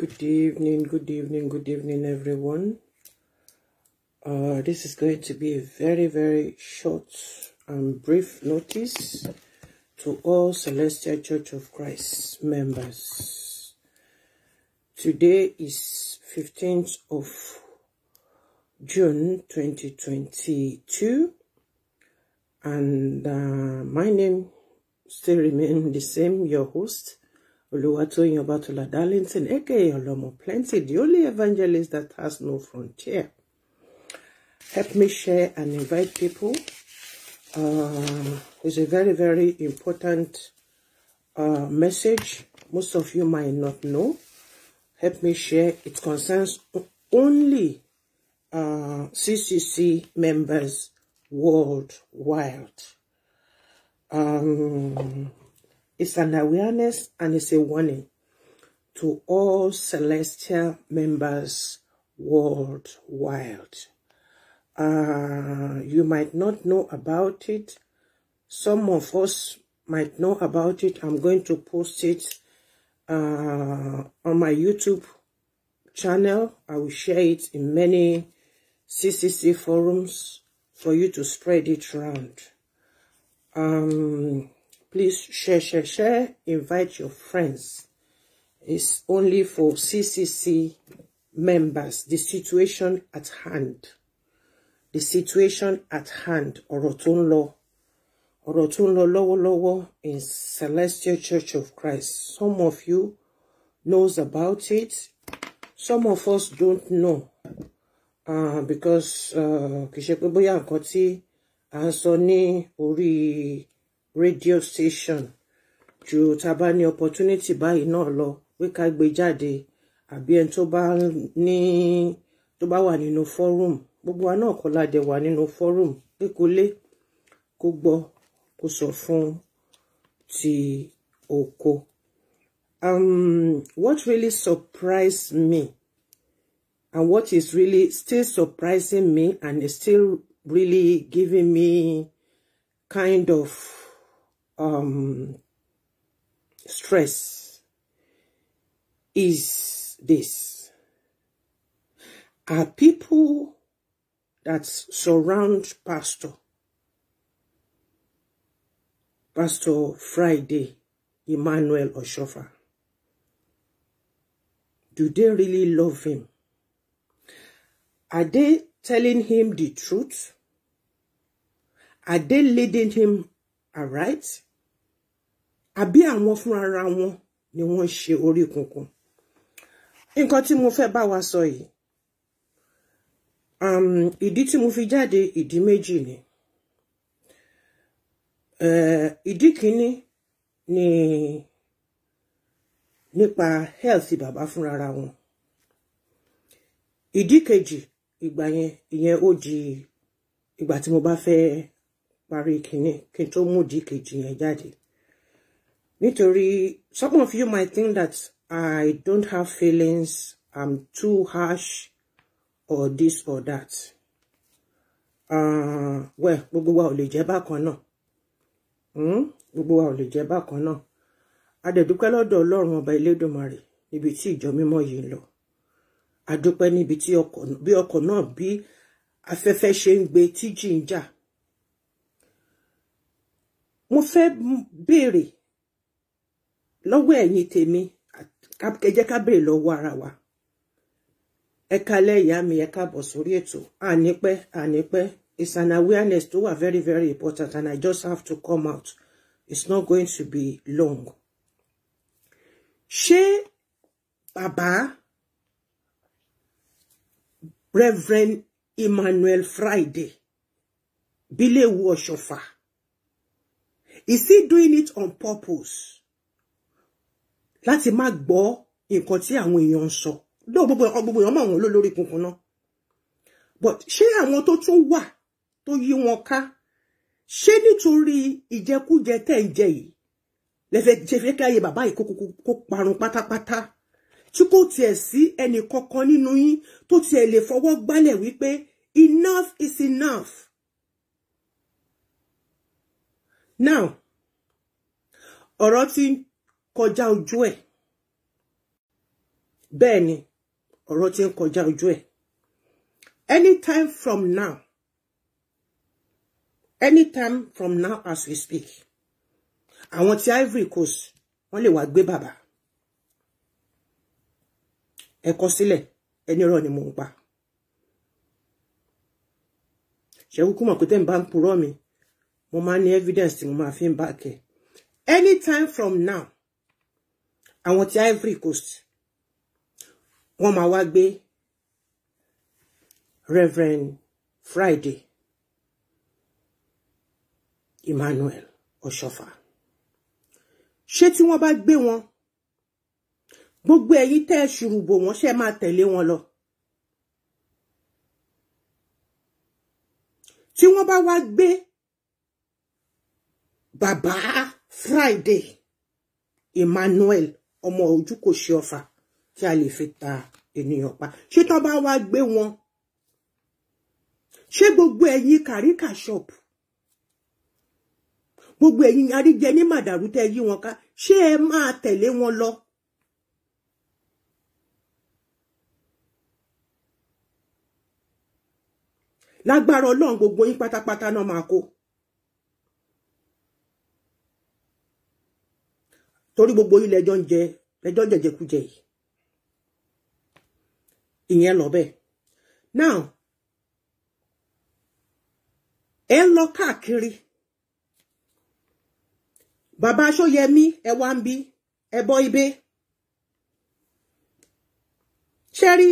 good evening good evening good evening everyone uh, this is going to be a very very short and brief notice to all celestial church of christ members today is 15th of june 2022 and uh, my name still remains the same your host Oluwatoyin Obatula Darlington, aka Olomo Plenty, the only evangelist that has no frontier. Help me share and invite people. Um, it's a very, very important uh, message. Most of you might not know. Help me share. It concerns only uh, CCC members worldwide. Um, it's an awareness and it's a warning to all celestial members worldwide. Uh, you might not know about it. Some of us might know about it. I'm going to post it uh, on my YouTube channel. I will share it in many CCC forums for you to spread it around. Um, Please share, share, share. Invite your friends. It's only for CCC members. The situation at hand. The situation at hand. Orotunlo, Orotunlo, ń lọ. in Celestial Church of Christ. Some of you knows about it. Some of us don't know. Uh, because uh, kì í ṣe pé bóyá nǹkan tí à radio station ju ta bá ní opportunity báyìí náà lọ pé ká gbé jáde àbí ẹni tó bá ní tó bá wà nínú forum gbogbo wa náà kọ́ la dẹ̀ wà nínú forum pé kó lé kó gbọ́ kó sọ fún ti oko. Um, what really surprised me and what is really still surprising me and is still really giving me kind of um, stress is this. Are people that surround Pastor, Pastor Friday, Emmanuel Oshofa, do they really love him? Are they telling him the truth? Are they leading him aright? àbí àwọn fúnra wọn ni wọ́n ṣe orí kunkun nǹkan tí mo fẹ́ bá wa sọ yìí um, ìdí tí mo fi jáde ìdí méjì ni uh, ìdí kìíní ni nípa health bàbá fúnra wọn ìdí kejì ìgbà yẹn ìyẹn ó di ìgbà tí mo bá fẹ́ parí kìíní kí n tó mú ìdí kejì yẹn jáde nítorí some of you might think that I don't have feelings I'm too harsh or this or that uh, well gbogbo wa ò lè jẹ́ bákan náà hmm? gbogbo wa ò lè jẹ́ bákan náà adẹ̀dúpẹ́ lọ́dọ̀ ọlọ́run ọba elédùnmarè níbi tí ìjọ mímọ́ yìí ń lọ adúpẹ́ níbi tí bí ọkọ̀ náà bí afẹ́fẹ́ ṣe ń gbé tí ń jà mo fẹ́ béèrè lọ́wọ́ ẹ̀yin tèmi ẹ ká béèrè lọ́wọ́ ara wa ẹ kalẹ̀ ìyá mi ẹ sórí ètò ànípẹ́ ànípẹ́ it's an awareness tó wà very very important and I just have to come out it's not going to be long. ṣé bàbá Reverend Emmanuel Friday Bílẹ̀wù Ọ̀ṣọ́fà is he doing it on purpose? láti má gbọ́ nǹkan tí àwọn èèyàn ń sọ lóò gbogbo ẹ̀kọ́ gbogbo èèyàn mọ̀ wọ́n lólórí kunkun náà but ṣé àwọn tó tún wà tó yí wọn ká ṣé nítorí ìjẹkújẹ tẹ̀ ń jẹ yìí lẹ́fẹ̀ ṣe fẹ́ kí ayé bàbá yìí kó parun pátápátá tí kò tiẹ̀ sí ẹnì kankan nínú yín tó tiẹ̀ lè fọwọ́ gbálẹ̀ wípé enough is enough. now ọ̀rọ̀ ti kọjá ojú ẹ̀ bẹ́ẹ̀ ni ọ̀rọ̀ ti ń kọjá ojú ẹ̀ anytime from now anytime from now as we speak àwọn ti Ivory Coast wọ́n lè wá gbé bàbá ẹ kọ sílẹ̀ ẹni ọ̀rọ̀ ni mò ń pa ṣẹ́kúkú mọ̀ pé tẹ́ ń purọ́ mi mo máa ní evidence tí mo máa fi ń bá kẹ́ anytime from now àwọn ti Ivory Coast wọ́n máa wá gbé Reverend Friday Emmanuel Ọ̀ṣọ́fà ṣé tí wọ́n bá gbé wọn gbogbo ẹ̀yin tẹ́ ṣùrùbò wọ́n ṣe máa tẹ̀lé wọn lọ tí wọ́n bá wá gbé bàbá Friday Emmanuel ọmọ ojú kò ṣe ọfà tí a lè fi ta ènìyàn pa ṣé tó bá wá gbé wọn ṣé gbogbo ẹ̀yin kàríkà ṣọ́ọ̀bù gbogbo ẹ̀yin aríjẹ ní màdàrú tẹ́ yí wọn ká ṣé ẹ máa tẹ̀lé wọn lọ. lágbára ọlọ́run gbogbo yín pátápátá náà máa kó. torí gbogbo yín lẹjọ ń jẹ lẹjọ jẹjẹkújẹ yìí ìyẹn lọ bẹ́ẹ̀ now ẹ ń lọ káàkiri bàbá Ṣóyẹmí ẹ wá ń bí ẹ bọ ibẹ̀ ṣe rí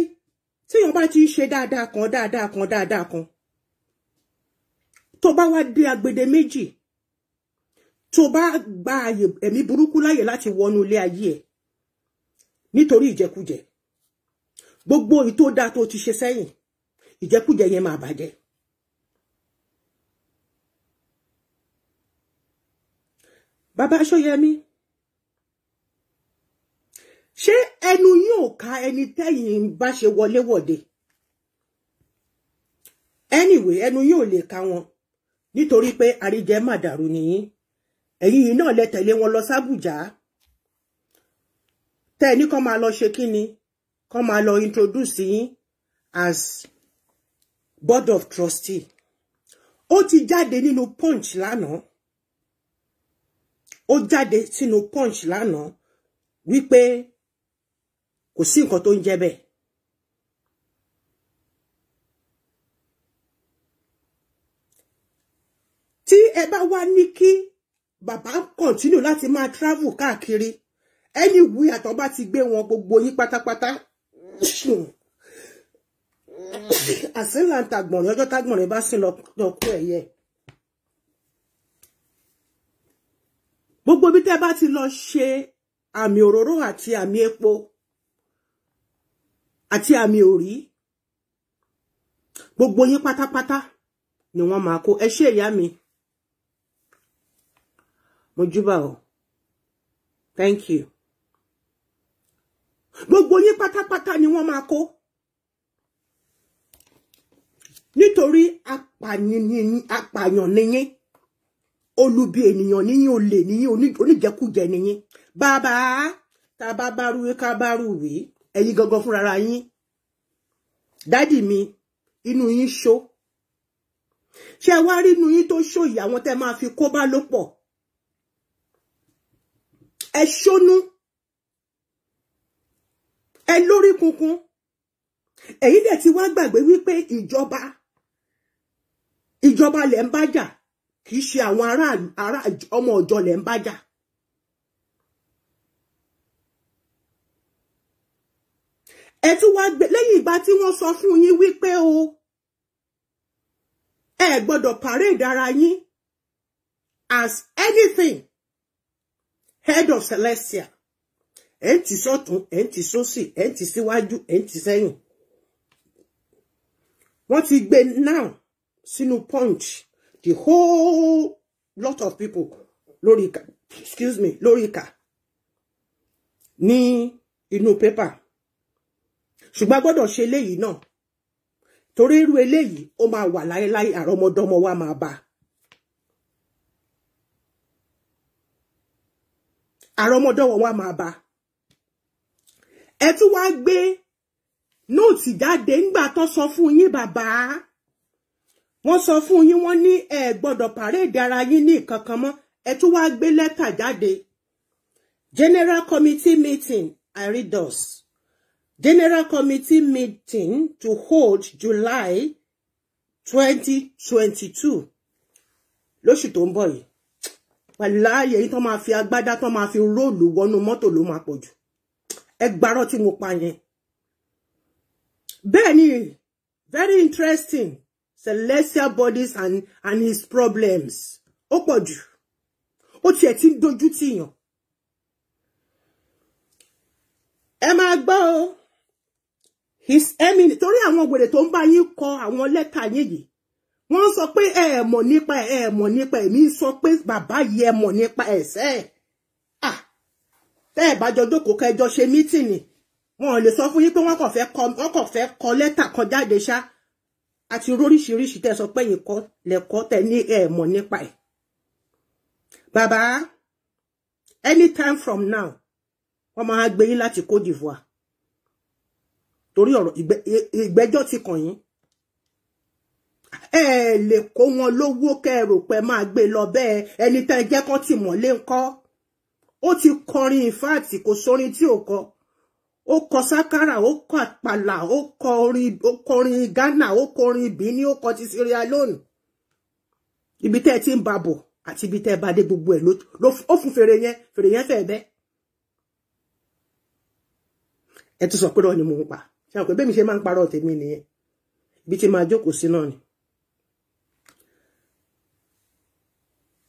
tíyàn bá ti ṣe dáadáa kan dáadáa kan dáadáa kan tó bá wá dé agbede méjì tó ba gba àyè ẹ̀mí burúkú láyè láti wọnú ilé ayé ẹ̀ nítorí ìjẹkújẹ gbogbo èyí tó dáa tó ti ṣe sẹ́yìn ìjẹkújẹ yẹn máa bàjẹ́. bàbá Ṣóyẹmí ṣé ẹnu yóò ka ẹni tẹ́yìn bá ṣe wọlé wọ̀de anyway ẹnu yóò le ka wọn nítorí pé àríjẹ má dàrú nìyí ẹ̀yin yìí náà lẹ tẹ̀lé wọn lọ sábùjá tẹ́ ẹ ní kọ́ máa lọ ṣe kí ni kọ́ máa lọ introduce yín as board of trustee ó ti jáde nínú punch lánàá ó jáde sínú punch lánàá wípé kò sí nǹkan tó ń jẹ́ bẹ́ẹ̀. tí ẹ bá wá ní kí bàbá continue láti máa travel káàkiri anywhere àtọ́ bá ti gbé wọn gbogbo yín pátápátá àsìnláńtà gbọ̀nrín ọjọ́ tágbọ̀nrín bá sìn lọ́kọ́ ẹ̀yẹ. gbogbo bí tẹ́ bá ti lọ ṣe àmì òróró àti àmì epo àti àmì òrí gbogbo yín pátápátá ni wọ́n máa kó ẹ ṣe ìyá mi mojúbà o thank you gbogbo yín pátápátá ni wọ́n máa kó nítorí apàyàn nìyín olubi ènìyàn nìyín olè nìyín oníjẹkújẹ nìyín bàbá tá a bá bárú wí ká bárú wí ẹ̀yin gangan fúnra yín dádì mi inú yín ṣó ṣé wá rí inú yín tó ṣó yìí àwọn tẹ́ máa fi kó bá ló pọ̀ ẹ ṣónú ẹ lórí kunkun èyí dẹ̀ ti wá gbàgbé wípé ìjọba ìjọba lẹ̀ ń bá jà kì í ṣe àwọn ará ọmọ ọ̀jọ́ lẹ̀ ń bá jà. ẹ tún wá gbé lẹ́yìn ìgbà tí wọ́n sọ fún yín wípé o ẹ gbọ́dọ̀ parade ara yín as anything head of Celestia, ẹ̀ ń tì sọ́tún ẹ̀ ń tì sósì ẹ̀ ń tì síwájú ẹ̀ ti gbé now sínú punch the whole lot of people lórí excuse me lórí Ni ní inú pépà ṣùgbọ́n a gbọ́dọ̀ ṣe eléyìí náà torí irú eléyìí ó máa wà láéláé wa máa bá àrọmọdọ́wọ́ wa máa bá ẹ tún wá gbé nóòtì jáde nígbà tó sọ fún yín bàbá wọ́n sọ fún yín wọ́n ní ẹ gbọ́dọ̀ pàréèdì ara yín ní nǹkan kan mọ́ ẹ tún wá gbé lẹ́tà jáde general committee meeting i read us general committee meeting to hold july twenty twenty two lóṣù tó ń bọ̀ yìí wàláyé yìí tán máa fi agbádá tán máa fi róòlù wọnú mọ́tò ló máa pọ̀ jù ẹgbàárọ̀ tí mo pa yẹn. bẹ́ẹ̀ ni very interesting celestial bodies and and his problems ó pọ̀ jù ó tiẹ̀ ti ń dojú tìyàn. ẹ máa gbọ́ o his emily torí àwọn wèrè tó ń bá yín kọ àwọn lẹ́tà yín yìí wọ́n sọ pé ẹ mọ̀ nípa ẹ ẹ mọ̀ nípa èmi sọ pé bàbá yìí ẹ mọ̀ nípa ẹ̀sẹ̀ ẹ̀ tẹ́ ẹ̀ bá jọ jókòó kẹjọ ṣe mítìnì wọn lè sọ fún yín pé wọ́n kàn fẹ́ kọ wọ́n kàn fẹ́ kọ lẹ́tà kan jáde ṣá àti oríṣiríṣi tẹ́ sọ pé yìí kọ lẹ́kọ́ tẹ́ ní ẹ mọ̀ nípa ẹ̀ bàbá anytime from now wọ́n máa gbé yín láti Côte d'Ivoire torí ọ̀rọ̀ ìgbẹ́jọ́ ti kàn yín ẹ lè kó wọn lówó kẹrò máa gbé lọ bẹẹ ẹni tẹ́ jẹ́ kán ti ti kọrin ìfáàtì kò sórin tí ò kọ ó kọ sakara ó kọ àpàlà ó kọrin Ghana ó kọrin biini Benin ó kọ ti Sierra Leone ibi tẹ ti ń babò ibi tẹ bá dé gbogbo ẹ̀ ló fún fèrè yẹn fèrè yẹn fẹ́ẹ̀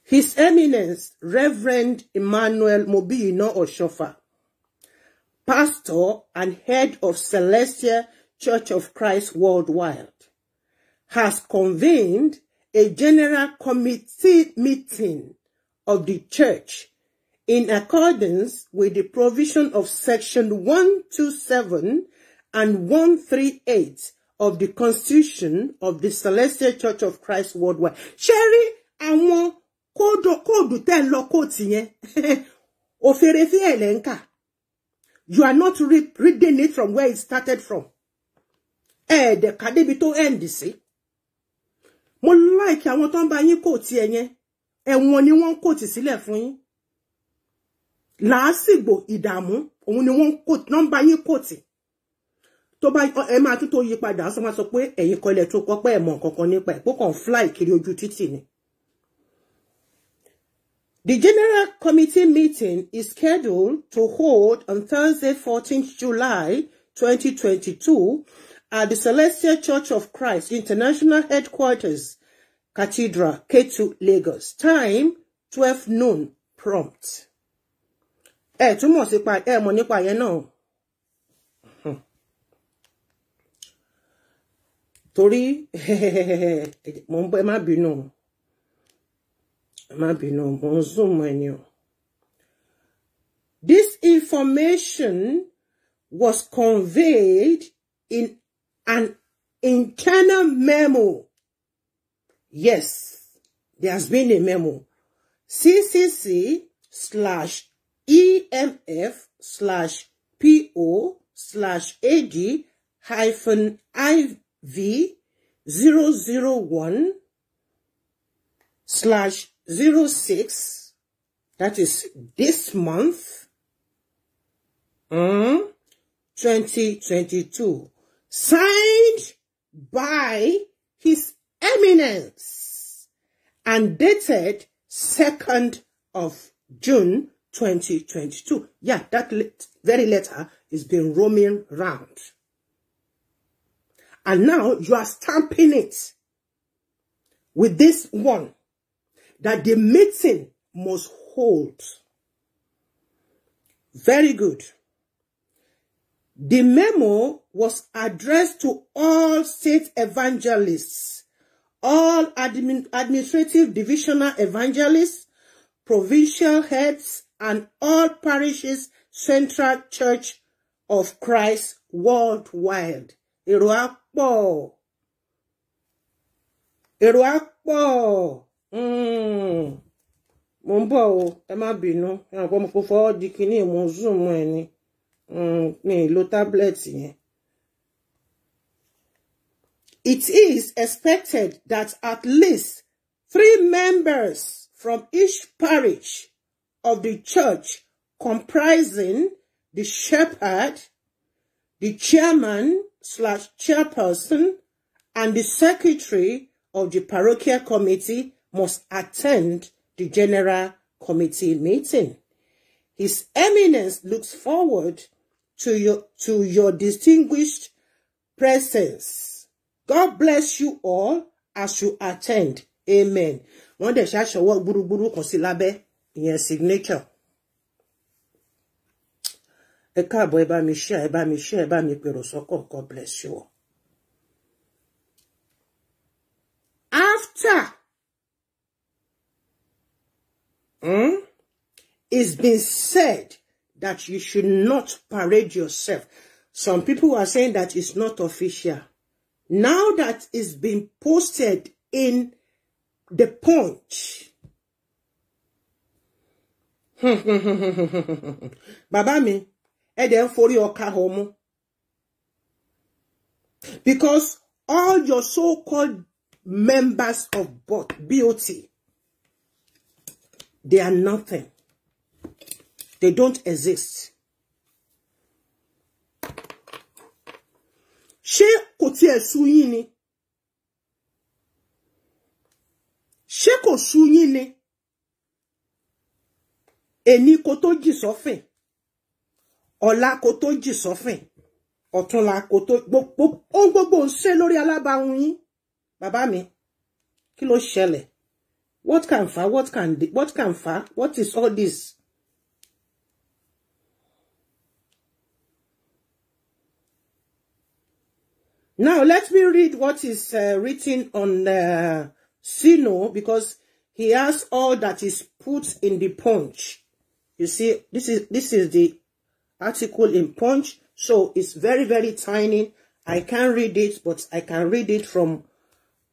His Eminence, Reverend Emmanuel Mobiino Oshofa, pastor and head of Celestia Church of Christ Worldwide, has convened a general committee meeting of the church in accordance with the provision of section 127 and 138 of the Constitution of the Celestial Church of Christ Worldwide. Sherry rí àwọn kóòdù kóòdù tẹ́ lọ kóòtù yẹn òfèrèfé ẹ̀ lẹ́ you are not reading it from where it started from ẹ̀ẹ́dẹ̀ka débi tó end sí mo láìkí àwọn tó ń bá yín kóòtù ẹ̀ yẹn ẹ̀wọ̀n ni wọ́n ń kóòtù sílẹ̀ fún yín làásìgbò ìdààmú òun ni wọ́n ń bá yín kóòtù tó bá ẹ máa tún tó yí padà sọ máa sọ pé ẹ̀yin kọlẹ̀ tó kọ́ pé ẹ̀ kankan nípa ẹ̀ pé kàn fly kiri ojú títì ni The General Committee meeting is scheduled to hold on Thursday, 14th July 2022 at the Celestial Church of Christ International Headquarters, Cathedral, K2, Lagos. Time, 12 noon, prompt. Eh, túmọ̀ sí pa ẹ mọ̀ nípa yẹn náà. Torí, mo ń bọ́ ẹ má má bínú This information was conveyed in an internal memo. Yes, there has been a memo. CCC slash EMF slash PO slash AD hyphen IV 001 slash 06, that is this month, mm, um, 2022, signed by His Eminence and dated 2nd of June 2022. Yeah, that very letter is been roaming round. And now you are stamping it with this one that the meeting must hold. Very good. The memo was addressed to all state evangelists, all admin, administrative divisional evangelists, provincial heads, and all parishes Central Church of Christ worldwide. Èrò á Hmm. mo ń bọ̀ o ẹ má bínú ẹ̀rọ mo kò fọwọ́ di kinní mo zoom ẹ ni hmm, mi lo tablet yẹn. It is expected that at least three members from each parish of the church comprising the shepherd, the chairman slash chairperson, and the secretary of the parochial committee must attend the General Committee meeting. His Eminence looks forward to your, to your distinguished presence. God bless you all as you attend. Amen. Wọ́n dẹ̀ ṣàṣọwọ́ gbúrúgbúrú kan sí lábẹ́ ìyẹn signature. your signature. ẹ bá mi ṣe ẹ bá mi ṣe ẹ mi pèrò sọ́kọ̀ God bless you all. After Hmm? It's been said that you should not parade yourself. Some people are saying that it's not official. Now that it's been posted in the punch. Bàbá mi, ẹ dẹ̀ ń forí ọkà homo. Because all your so-called members of BOT They are nothing. They don't exist. Ṣé kò tiẹ̀ sú yín ni? Ṣé kò sú yín ni? Èní kò tó jì sọ́fìn. Ọ̀la kò tó jì sọ́fìn. Ọ̀túnla kò tó gbogbo ohun gbogbo ń ṣe lórí alábàáhùn yín. Bàbá mi, kí ló ṣẹlẹ̀? What can fa? What can what can fa? What is all this? Now let me read what is uh, written on uh, Sino because he has all that is put in the punch. You see, this is this is the article in punch, so it's very very tiny. I can't read it, but I can read it from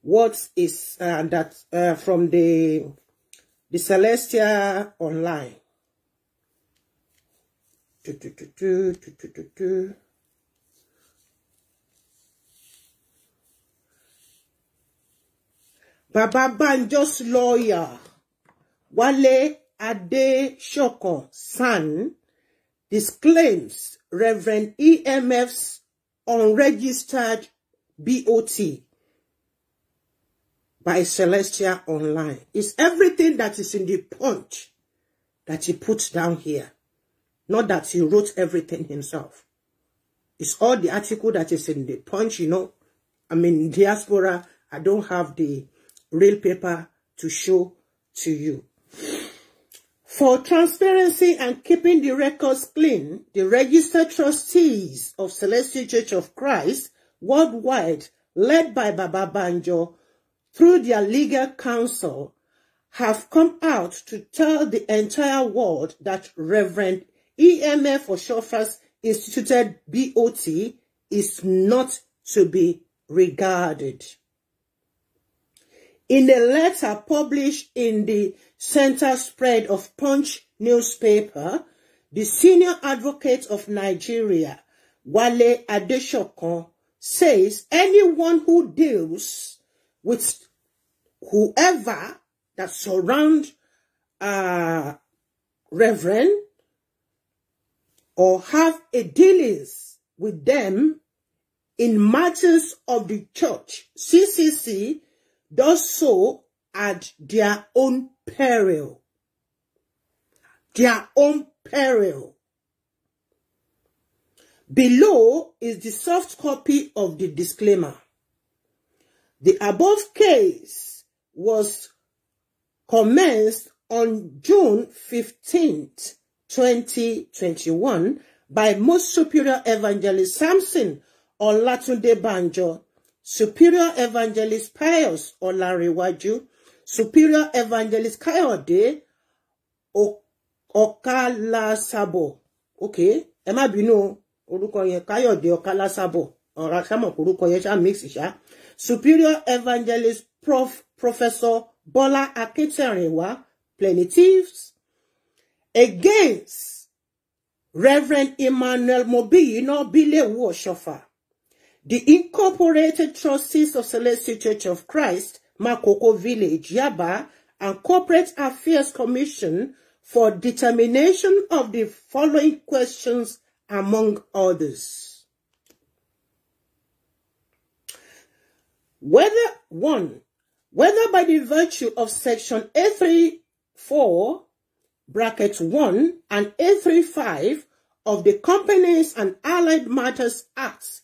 what is uh, that uh, from the the Celestia online. Do, do, do, do, do, do, do, do. Baba Banjo's lawyer, Wale Ade Shoko, San, disclaims Reverend EMF's unregistered BOT by Celestia Online. It's everything that is in the punch that he put down here. Not that he wrote everything himself. It's all the article that is in the punch, you know. I mean, diaspora, I don't have the real paper to show to you. For transparency and keeping the records clean, the registered trustees of Celestial Church of Christ worldwide, led by Baba Banjo, through their legal counsel, have come out to tell the entire world that Reverend EMF Oshofa's instituted BOT is not to be regarded. In a letter published in the center spread of Punch newspaper, the senior advocate of Nigeria, Wale Adeshokan, says anyone who deals with whoever that surround uh, Reverend or have a dealings with them in matters of the church, CCC does so at their own peril. Their own peril. Below is the soft copy of the disclaimer. The above case was commenced on June 15, 2021 by Most Superior Evangelist Samson Olatunde Banjo, Superior Evangelist Pius Olariwaju, Superior Evangelist Kayode Okalasabo. Okala Sabo. Okay, bínú bino yẹn Kayode Okalasabo. Ọ̀rọ̀ àṣàmọ̀ orúkọ yẹn ṣá mix Superior Evangelist Prof. Professor Bola Aketerewa plaintiffs against Reverend Emmanuel Mobiyino Bilewu Oshofa, the Incorporated Trustees of Celestial Church of Christ, Makoko Village, Yaba, and Corporate Affairs Commission for determination of the following questions among others. Whether one, whether by the virtue of section A34 bracket 1 and A35 of the Companies and Allied Matters Act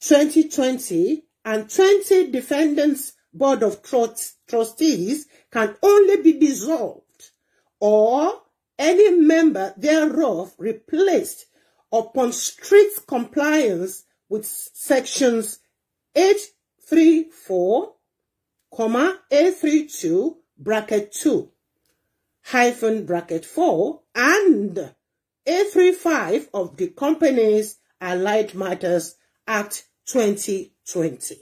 2020 and 20 Defendants Board of Trustees can only be dissolved or any member thereof replaced upon strict compliance with sections 8 three four comma a three two bracket 2 hyphen bracket 4 and a three five of the Companies Allied Matters Act 2020.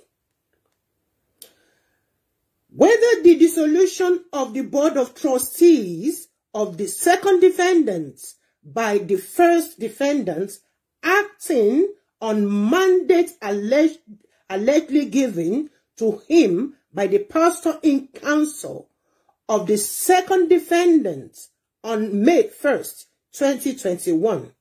Whether the dissolution of the Board of Trustees of the second defendant by the first defendant acting on mandate alleged allegedly given to him by the pastor in council of the second defendant on May 1st, 2021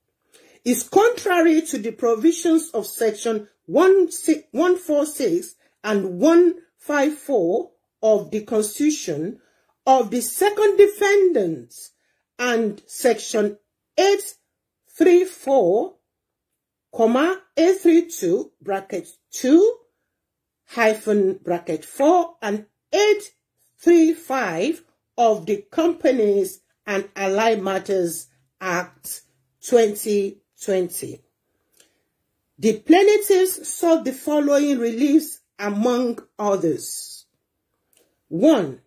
is contrary to the provisions of section 146 and 154 of the Constitution of the second defendant and section 834 comma, A32 bracket 2 hyphen bracket 4 and 835 of the Companies and Allied Matters Act 2020. The plaintiffs sought the following reliefs among others. 1.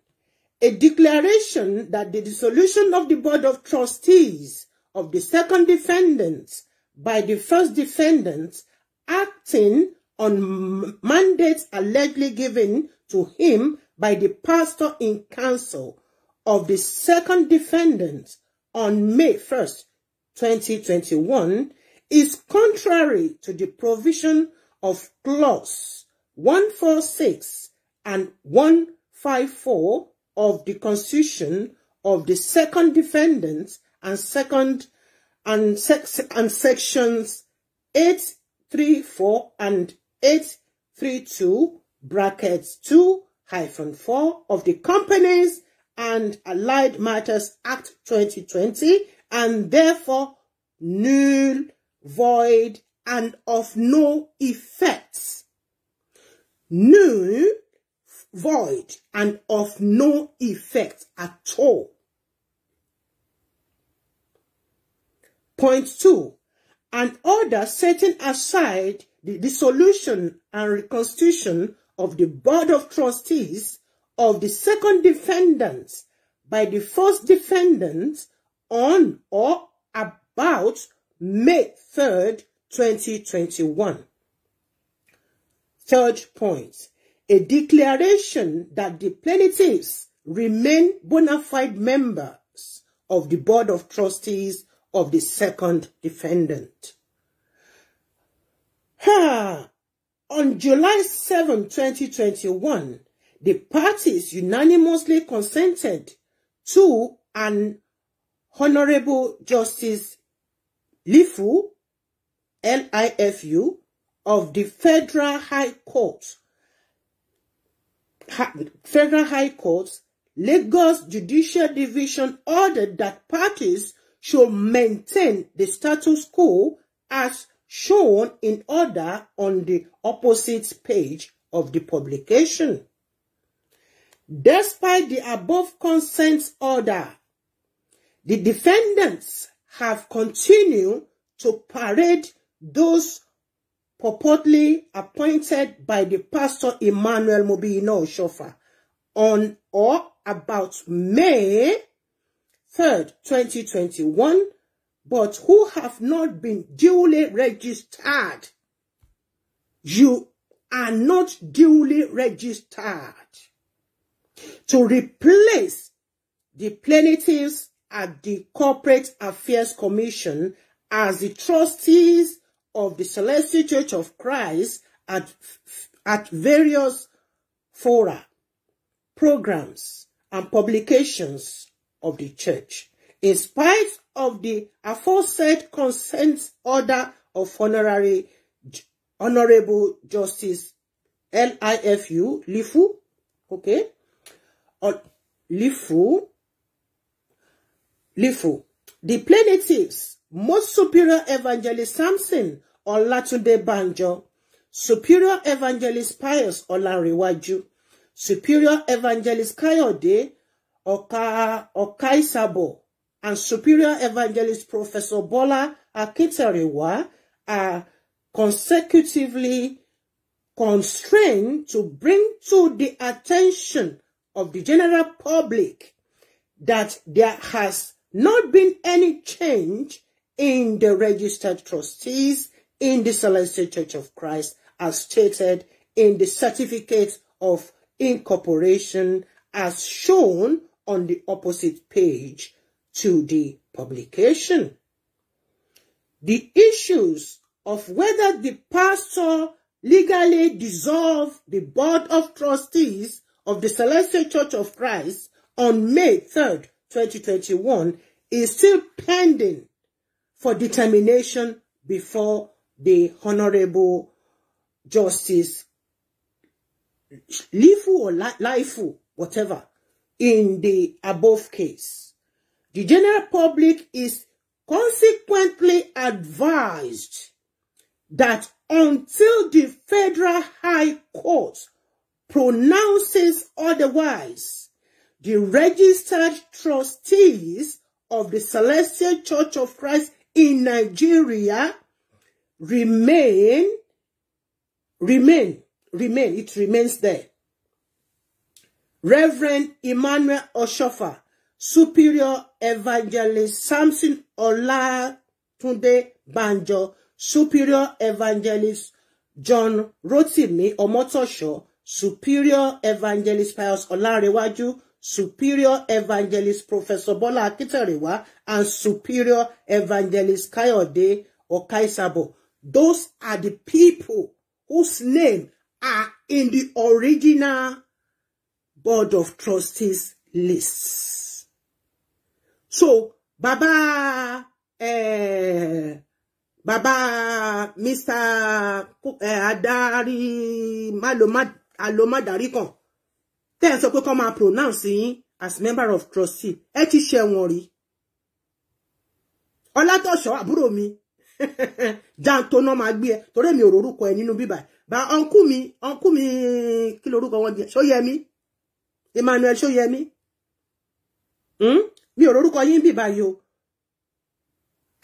A declaration that the dissolution of the Board of Trustees of the second defendant by the first defendant acting on mandates allegedly given to him by the pastor in council of the second defendant on May 1st, 2021 is contrary to the provision of clause 146 and 154 of the constitution of the second defendant and second and, sex, and sections 834 and 832 brackets 2 hyphen 4 of the Companies and Allied Matters Act 2020 and therefore null, void and of no effect. Null, void and of no effect at all. Point two, an order setting aside the dissolution and reconstitution of the Board of Trustees of the second defendant by the first defendant on or about May 3rd, 2021. Third point, a declaration that the plaintiffs remain bona fide members of the Board of Trustees of the second defendant. On July 7, 2021, the parties unanimously consented to an Honorable Justice Lifu, L-I-F-U, of the Federal High Court, Federal High Court's Lagos Judicial Division ordered that parties should maintain the status quo as shown in order on the opposite page of the publication. Despite the above consent order, the defendants have continued to parade those purportedly appointed by the pastor Emmanuel Mobino Shofa on or about May 3rd, 2021, but who have not been duly registered. You are not duly registered to replace the plaintiffs at the Corporate Affairs Commission as the trustees of the Celestial Church of Christ at, at various fora, programs, and publications of the church. In spite of the aforesaid consent order of honorary Honorable Justice LIFU Lifu, okay, or Lifu, Lifu, the plaintiffs, most superior evangelist Samson Olatunde Banjo, superior evangelist Pius or Larry Olanrewaju, superior evangelist Kayode Oka, Okaisabo, and Superior Evangelist Professor Bola Akitarewa are consecutively constrained to bring to the attention of the general public that there has not been any change in the registered trustees in the Celestial Church of Christ as stated in the certificate of incorporation as shown on the opposite page to the publication. The issues of whether the pastor legally dissolved the Board of Trustees of the Celestial Church of Christ on May 3rd, 2021 is still pending for determination before the Honorable Justice Lifu or Laifu, whatever, in the above case. The general public is consequently advised that until the Federal High Court pronounces otherwise, the registered trustees of the Celestial Church of Christ in Nigeria remain, remain, remain, it remains there, Reverend Emmanuel Oshofa, Superior Evangelist Samson Olatunde Banjo, Superior Evangelist John Rotimi Omotosho, Superior Evangelist Pius Olarewaju, Superior Evangelist Professor Bola Akitarewa, and Superior Evangelist Kayode Okaisabo. Those are the people whose name are in the original board of trustees list. So, Baba, eh, Baba, Mr. Eh, Adari, Maloma, Aloma Darikon, tẹ́ ẹ̀ sọ pé kọ́ pronounce yín as member of trustee, ẹ ti ṣe wọn rí. Ọlátọ̀ṣọ́ àbúrò mi, jàǹtó náà máa gbé ẹ, torí mi ò rorúkọ ẹ nínú bíbá. Bá ọ̀nkú mi, ọ̀nkú mi, kí lorúkọ wọn jẹ, ṣó mi? Emmanuel Ṣóyẹmí hmm? mi ò lórúkọ yín bayo. báyìí o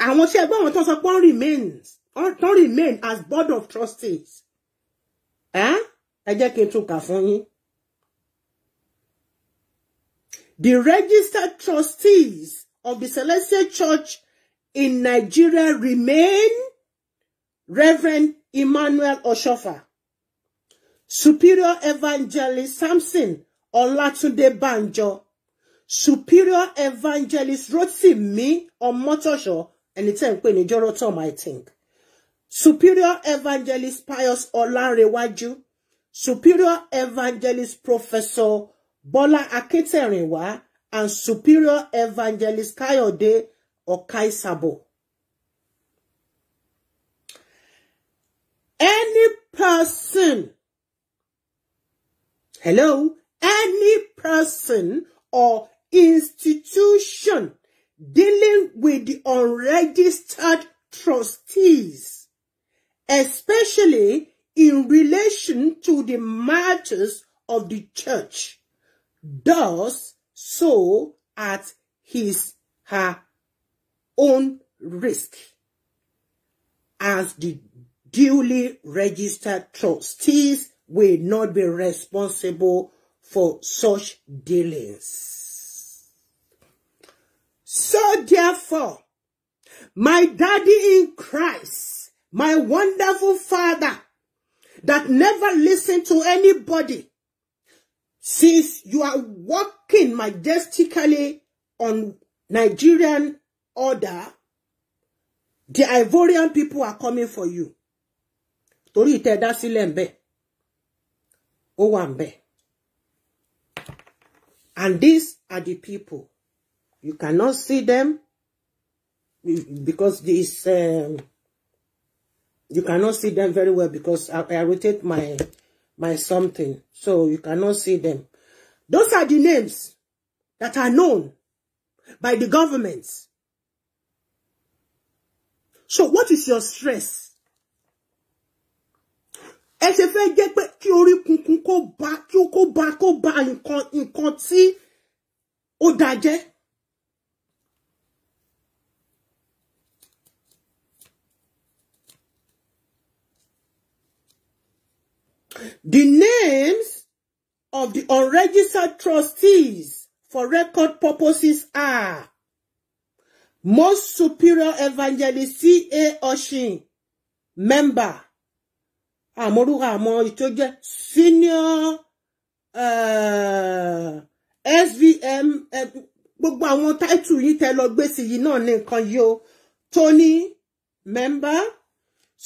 àwọn ṣe ẹgbọ́n wọn tó sọ pé wọ́n remains wọ́n remain as board of trustees eh? ẹ jẹ́ kí n tún kà fún yín. The registered trustees of the Celestial Church in Nigeria remain Reverend Emmanuel Oshofa, Superior Evangelist Samson Olatunde Banjo, Superior Evangelist Rotimi Omotosho, ẹni tẹ́ ń pè ní Jorotom, I think. Superior Evangelist Pius Olanrewaju, Superior Evangelist Professor Bola Akinterenwa, and Superior Evangelist Kayode Okaisabo. Any person, hello, any person or institution dealing with the unregistered trustees, especially in relation to the matters of the church, does so at his her own risk as the duly registered trustees will not be responsible for such dealings. So therefore, my daddy in Christ, my wonderful father that never listened to anybody, since you are walking majestically on Nigerian order, the Ivorian people are coming for you. Tori ite da silembe ń bẹ̀. And these are the people. You cannot see them because this, um, you cannot see them very well because I, I rotate my, my something. So you cannot see them. Those are the names that are known by the governments. So what is your stress? ẹ ṣe fẹ́ jẹ́ pé kí orí kunkun kó ba kí ó kó ba kó ba nǹkan nǹkan tí ó da jẹ́. The names of the unregistered trustees for record purposes are Most Superior Evangelist C.A. Oshin, member àmọ́rúkọ àmọ́ tó jẹ́ senior uh, eh, SVM eh, gbogbo àwọn táìtù yìí tẹ lọ gbé sí yìí náà ní nǹkan yìí o Tony member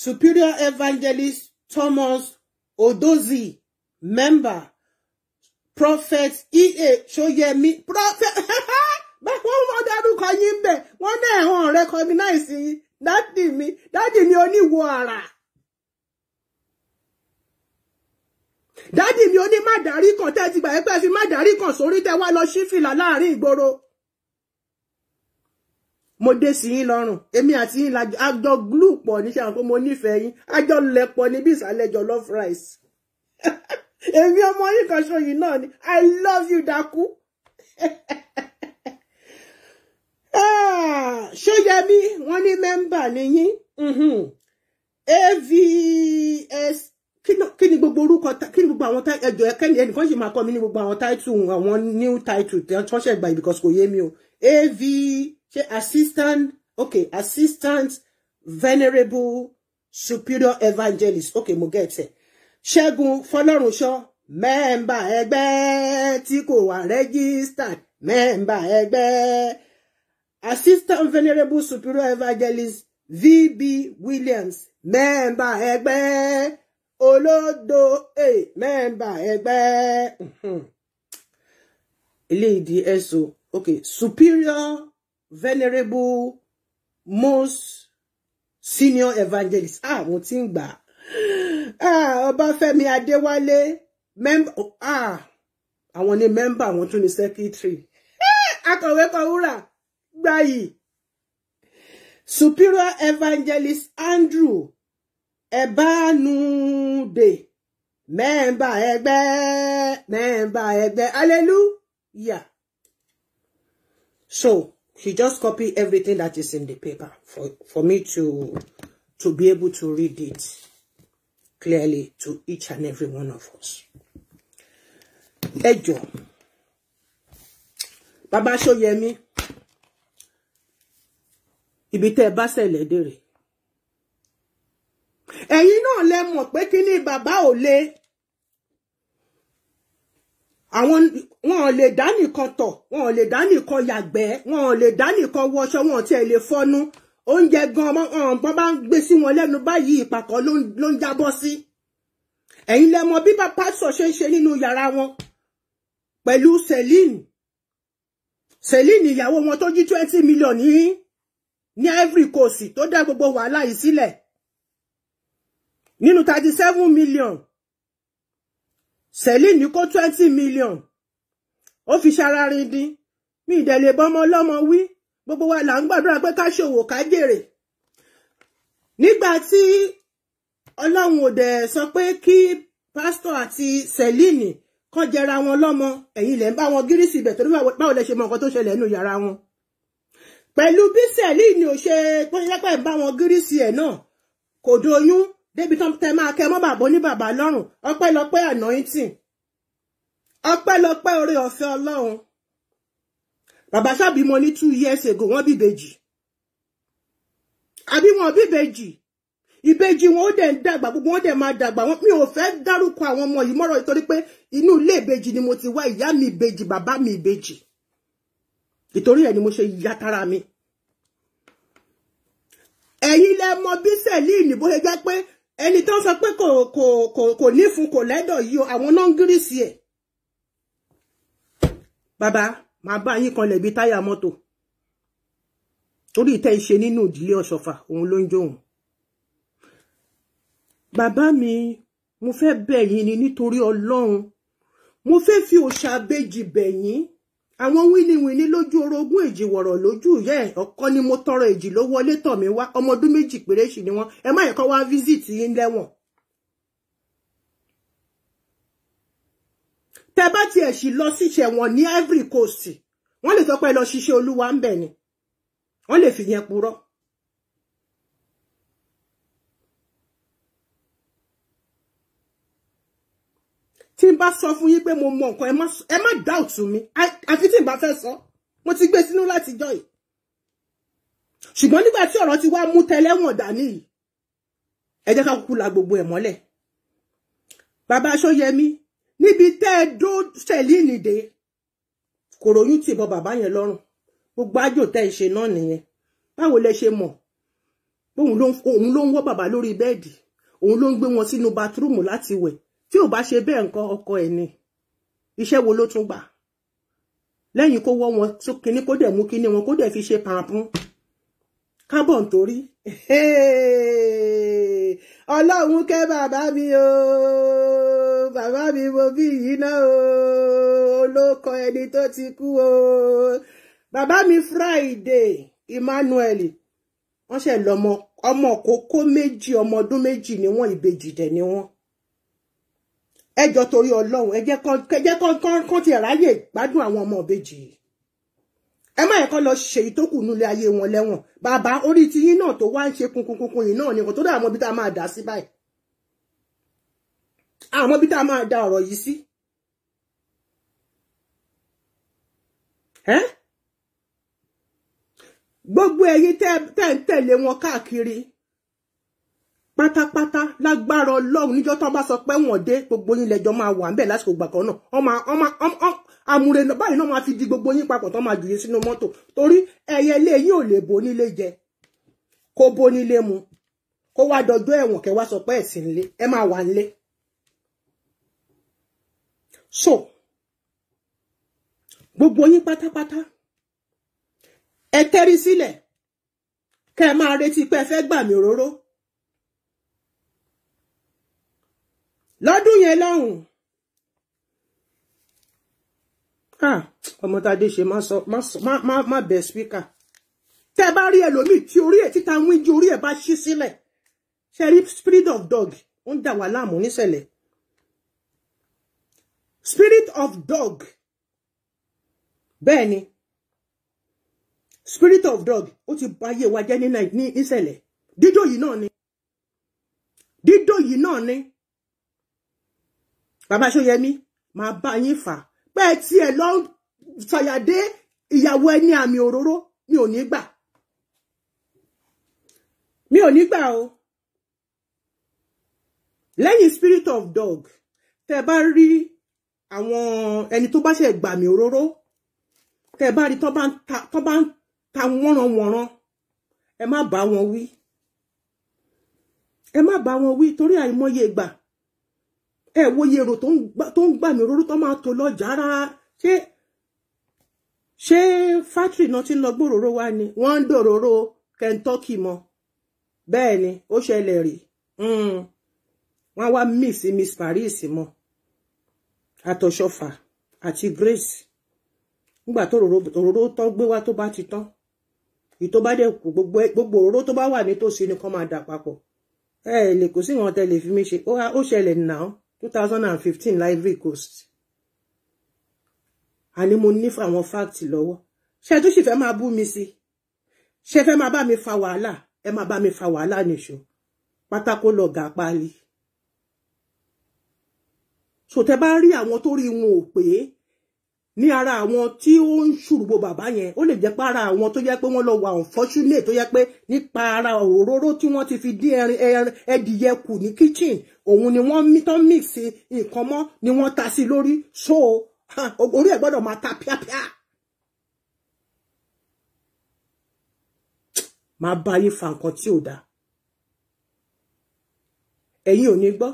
Superior Evangelist Thomas Odozi member Prophet EA Ṣóyẹmí prophet báwọn wọn dárúkọ yín bẹ wọn náà ẹ̀hán recognize yín dádì mi dádì mi oníwo àrà. dádì mi ó ní má dárí kan tẹ́ ti gbà yín pé fi má dárí kan sórí tẹ́ wá lọ sí fìlà láàrin ìgboro mo dé sí yín lọ́rùn èmi àti yín la àjọ glue pọ̀ níṣẹ́ àwọn pé mo nífẹ̀ẹ́ yín àjọ lẹ̀pọ̀ ní bí ìsàlẹ̀ jollof rice èmi ọmọ yín kan ṣoyìn náà ni i love you dákú ah, ṣé yẹmi wọn ní mẹ́mbà ni yín mhm. avs kí ni gbogbo orúkọ kí ni gbogbo àwọn ẹjọ ẹkẹni ẹnìkan ṣì máa kọ mí ní gbogbo àwọn táìtù àwọn new title tí wọ́n ṣẹ̀ gbà yìí because kò yé mi o av ṣe assistant okay assistant venerable superior evangelist okay mo get ẹ ṣẹ́gun fọlọ́runṣọ́ mẹ́ńbà ẹgbẹ́ tí kò wà registered mẹ́ńbà ẹgbẹ́ assistant venerable superior evangelist vb williams mẹ́ńbà ẹgbẹ́ olódo mẹ́mbà ẹgbẹ́ mhm. ilé ìdí ẹ̀sọ́ okay superior venerable most senior evangelist ah mo ti ń gbà ah Ọbáfẹ́mi Adéwálé mẹ́mbà ah àwọn ni mẹ́mbà àwọn tún ni secretary eh, akọ̀wé kan wúrà gbáyì superior evangelist Andrew ẹ̀bánudè mẹ́ẹ̀bà ẹgbẹ́ mẹ́ẹ̀bà ẹgbẹ́ hallelujah. So he just copied everything that is in the paper for, for me to, to be able to read it clearly to each and every one of us. Ejo, Baba show Ṣóyẹmí, ibi tẹ́ ẹ ẹ̀yin náà lẹ mọ̀ pé kíní bàbá ò le àwọn wọn ò lè dá nìkan tọ̀ wọn ò lè dá nìkan yàgbẹ́ wọn ò lè dá nìkan wọṣọ wọn ò tiẹ̀ lè fọnú oúnjẹ gan ọmọ bá ń gbé sí wọn lẹ́nu báyìí ìpàkọ́ ló ń jábọ́ sí ẹ̀yin lẹ mọ̀ bí pásítọ̀ ṣe ń ṣe nínú yàrá wọn pẹ̀lú Celine Celine ìyàwó wọn tó jí twenty million ní ní Ivory Coast tó dá gbogbo wàhálà yìí sílẹ̀. Si nínú thirty seven million Celine kó twenty million ó fi ṣara rin dín mi ìdẹ̀lẹ̀ bọ́mọ ọlọ́mọ wí gbogbo wa là ń gbàdúrà pé ká ṣòwò ká jèrè nígbà tí ọlọ́run ò dẹ̀ sọ pé kí pásítọ̀ àti Celine kàn jẹra wọn lọ́mọ ẹ̀yin lẹ̀ ń bá wọn gírísì ibẹ̀ torí báwo lẹ ṣe mọ nǹkan tó ṣẹlẹ̀ nínú yàrá wọn pẹ̀lú bí Celine ò ṣe pé yẹ́pẹ̀ bá wọn gírísì ẹ̀ náà kò doyún débi tán tẹ máa kẹ mọ́ bàbá ní bàbá lọ́rùn ọpẹ́lọpẹ́ anointing ọpẹ́lọpẹ́ oore ọ̀fẹ́ Ọlọ́run bàbá ṣàbímọ ní two years ago wọ́n bí ìbejì àbí wọn bí ìbejì ìbejì wọn ó dẹ̀ ń dàgbà gbogbo wọn dẹ̀ máa dàgbà wọn mi ò fẹ́ dárúkọ àwọn ọmọ yìí mọ́rọ̀ nítorí pé inú ilé ìbejì ni mo ti wá ìyá mi ìbejì bàbá mi ìbejì ìtorí ẹ̀ ni mo ṣe ya tara mi ẹ̀yin lẹ mọ bí sẹ́líìnì bó ṣe jẹ́ pé ẹni tó ń sọ pé kò kò kò kò nífun kò lẹ́dọ̀ yìí o àwọn náà ń gírísì ẹ̀ bàbá màá bá yín kanlẹ̀ bíi táyà mọ́tò torí ìtẹ́ ìṣe nínú ìdílé ọ̀ṣọ́fà òun ló ń jóun bàbá mi mo fẹ́ bẹ̀ ni nítorí ọlọ́run mo fẹ́ fi òòṣà abẹ́jì bẹ̀ àwọn wíníwíní lójú orogún èjìwọ̀rọ̀ lójú ìyá ẹ̀ ọkọ ni mo tọrọ èjì ló wọlé tọ̀ mí wá ọmọ ọdún méjì péré sì ni wọ́n ẹ má yẹ kó wá fíṣítì yín lẹ́wọ̀n. tẹ bá tiẹ̀ sì lọ síṣẹ́ wọn ní Ivory Coast wọ́n lè tọ́pẹ́ lọ ṣiṣẹ́ olúwa ń bẹ̀ ni wọ́n lè fìyẹn purọ́. bá sọ fún yín pé mo mọ nǹkan ẹ má doubt mi àfi tí n bá fẹ́ sọ mo ti gbé sínú láti jọ yìí ṣùgbọ́n nígbà tí ọ̀rọ̀ ti wá mú tẹlẹ́wọ̀n dání yìí ẹ jẹ́ ká kúkú la gbogbo ẹ̀ mọ́lẹ̀ bàbá Ṣóyẹmí níbi tẹ́ ẹ dó Ṣẹ̀líìnì dé kòròyìn tìbọn bàbá yẹn lọ́rùn gbogbo àjò tẹ́ ẹ ṣe náà nìyẹn báwo lẹ ṣe mọ̀ òun ló ń wọ́ bàbá lórí bẹ́ẹ̀dì òun ló ń gbé wọn sínú bathroomu láti wẹ̀ tí ò bá ṣe bẹ́ẹ̀ nǹkan ọkọ ẹ̀ ni iṣẹ́ wo ló tún gbà lẹ́yìn kó wọ́ wọn kíní kó dẹ̀ mú kíní wọn kó dẹ̀ fi ṣe pàràpún kábọ̀ nítorí ọlọ́run kẹ́ bàbá mi o bàbá mi mo bí yìí náà o olóko ẹni tó ti kú o bàbá mi Friday Emmanuel wọ́n ṣe lọ́mọ ọmọ kókó méjì ọmọ ọdún méjì ni wọ́n ìbejì dẹ̀ ni wọ́n ẹ jọ torí Ọlọ́run ẹ jẹ́ kán kán ti ráyè gbádùn àwọn ọmọ ìbejì yìí ẹ má yẹ kán lọ ṣe ìtókù nílé ayé wọn lẹ́wọ̀n bàbá orí tiyín náà tó wá ń ṣe kunkunkunkun yìí náà ni nǹkan tó dá àwọn ibi tá a máa dà sí báyìí àwọn ibi tá a máa da ọ̀rọ̀ yìí sí. gbogbo ẹ̀yin tẹ́ ń tẹ̀lé wọn káàkiri pátápátá lágbára ọlọ́run níjọ́ tó bá sọ pé wọ́n dé gbogbo yín lẹ́jọ́ máa wà ńbẹ̀ lásìkò ìgbà kan náà ọmọ ọmọ àmúre báyìí náà máa fi di gbogbo yín papọ̀ tó máa jù yín sínú mọ́tò torí ẹyẹ ilé yín ò lè bo nílé jẹ kó bo nílé mu kó wá dọjọ́ ẹ̀wọ̀n kẹ́ wá sọ pé ẹ̀sìn ńlé ẹ máa wà ńlé. so gbogbo yín pátápátá ẹ tẹ́rí sílẹ̀ kẹ́ ẹ máa retí pé ẹ fẹ́ gbàmì òróró lọ́dún yẹn lọ́hùn ọmọtadé ṣe má bẹ spíkà tẹ bá rí ẹlòmíì tí orí ẹ títa ń wíjú orí ẹ bá ṣí sílẹ̀ ṣe spirit of dog ó ń dà wá láàmú níṣẹ̀lẹ̀ spirit of dog bẹ́ẹ̀ spirit of dog ó ti bayé wa jẹ́ ní ìṣẹ̀lẹ̀ dídó yìí náà ni dídó yìí náà ni bàbá Ṣóyẹmí máa bá yín fà pé ẹ tiẹ̀ lọ fàyàdé ìyàwó ẹni àmì òróró mi ò ní gbà mi ò ní gbà o lẹ́yìn spirit of dog tẹ́ bá rí àwọn ẹni tó bá ṣe gbàmì òróró tẹ́ bá rí tó bá ń ta tó bá ń ta wọ́nranwọ̀nran ẹ má bá wọn wí ẹ má bá wọn wí torí àìmọye ìgbà ẹ wo iye èrò tó ń gbà mí róró tó máa tó lọ́jà rárá ṣé ṣé fátìrì náà ti ń lọ gbòòrò wá ni wọ́n ń dòróró kẹńtọ́kì mọ́ bẹ́ẹ̀ ni ó ṣẹlẹ̀ rí hmm. wọ́n wá miss miss Paris mọ́ àtọ̀ṣọ́fà àti Grace nígbà tó òróró tán gbé wá tó bá ti tán ìtò bá dẹ̀ kù gbogbo òróró tó bá wà nítòsí ni kán máa dà papọ̀ ẹ lè kò sí ìrántẹ lè fi mí ṣe ó ṣẹlẹ̀ náà. 2015 library coast àní mo ní àwọn fáàtì lọ́wọ́ ṣe tún sì fẹ́ máa bú mi sí ṣe fẹ́ máa bá mi fa wàhálà ẹ máa bá mi fa wàhálà nìṣó pátákó lọ gà páálí so tẹ bá rí àwọn tó rí wọn ò pé ní ara àwọn tí ó ń ṣùrùbọ bàbá yẹn ó lè jẹ́ pé ara àwọn tó yẹ pé wọ́n lọ wà unfortunate tó yẹ pé nípa ara òróró tí wọ́n ti fi dín ẹdìyẹ kù ní kitchen òun ni wọ́n mi tán mix nǹkan mọ́ ni wọ́n ta sí lórí so orí ẹ̀ gbọ́dọ̀ máa ta píápíá. máa bá yín fa nǹkan tí ò dáa ẹ̀yin ò ní gbọ́